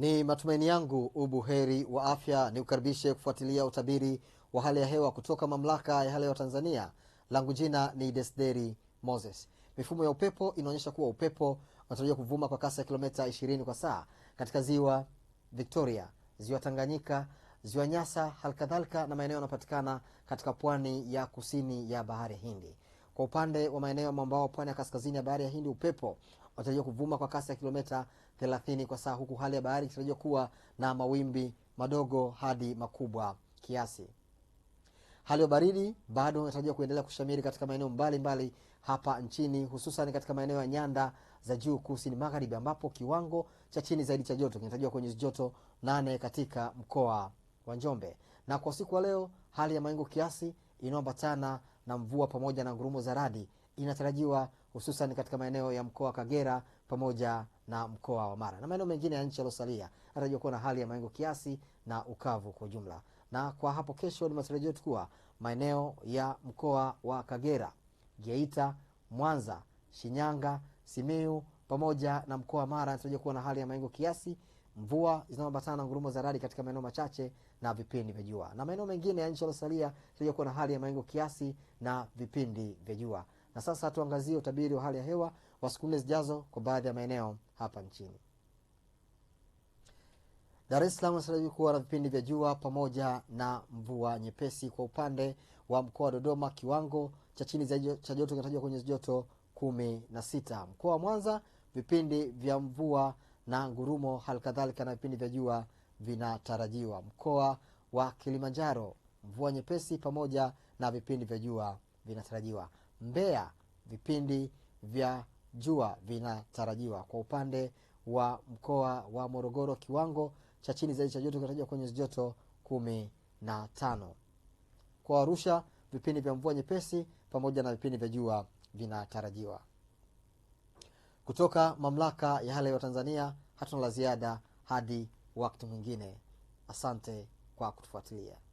Ni matumaini yangu ubuheri wa afya. Ni kukaribishe kufuatilia utabiri wa hali ya hewa kutoka mamlaka ya hali ya hewa Tanzania. Langu jina ni desderi Moses. Mifumo ya upepo inaonyesha kuwa upepo unatarajiwa kuvuma kwa kasi ya kilomita 20 kwa saa katika ziwa Victoria, ziwa Tanganyika, ziwa Nyasa, halikadhalika na maeneo yanayopatikana katika pwani ya kusini ya bahari Hindi. Kwa upande wa maeneo ya mwambao wa pwani ya kaskazini ya bahari ya Hindi, upepo unatarajiwa kuvuma kwa kasi ya kilomita 30 kwa saa, huku hali ya bahari ikitarajiwa kuwa na mawimbi madogo hadi makubwa kiasi. Hali ya baridi bado inatarajiwa kuendelea kushamiri katika maeneo mbalimbali hapa nchini, hususan katika maeneo ya nyanda za juu kusini magharibi, ambapo kiwango cha chini zaidi cha joto kinatarajiwa kwenye joto nane katika mkoa wa Njombe. Na kwa usiku wa leo, hali ya mawingu kiasi inayoambatana na mvua pamoja na ngurumo za radi inatarajiwa hususan katika maeneo ya mkoa wa Kagera pamoja na mkoa wa Mara na maeneo mengine ya nchi yaliosalia anatarajiwa kuwa na hali ya maengo kiasi na ukavu kwa ujumla. Na kwa hapo kesho, ni matarajio yetu kuwa maeneo ya mkoa wa Kagera, Geita, Mwanza, Shinyanga, Simiu pamoja na mkoa wa Mara inatarajiwa kuwa na hali ya mawingu kiasi, mvua zinazoambatana na ngurumo za radi katika maeneo machache na vipindi vya jua, na maeneo mengine ya nchi yaliyosalia inatarajiwa kuwa na hali ya mawingu kiasi na vipindi vya jua. Na sasa tuangazie utabiri wa hali ya hewa wa siku nne zijazo kwa baadhi ya maeneo hapa nchini. Dar es Salaam inatarajiwa kuwa na vipindi vya jua pamoja na mvua nyepesi. Kwa upande wa mkoa wa Dodoma, kiwango cha chini cha joto kinatajwa kwenye joto kumi na sita. Mkoa wa Mwanza vipindi vya mvua na ngurumo, halikadhalika na vipindi vya jua vinatarajiwa. Mkoa wa Kilimanjaro, mvua nyepesi pamoja na vipindi vya jua vinatarajiwa. Mbeya, vipindi vya jua vinatarajiwa. Kwa upande wa mkoa wa Morogoro, kiwango cha chini zaidi cha joto kinatarajiwa kwenye joto kumi na tano. Kwa Arusha, vipindi vya mvua nyepesi pamoja na vipindi vya jua vinatarajiwa. Kutoka mamlaka ya hali ya Tanzania hatuna la ziada hadi wakati mwingine. Asante kwa kutufuatilia.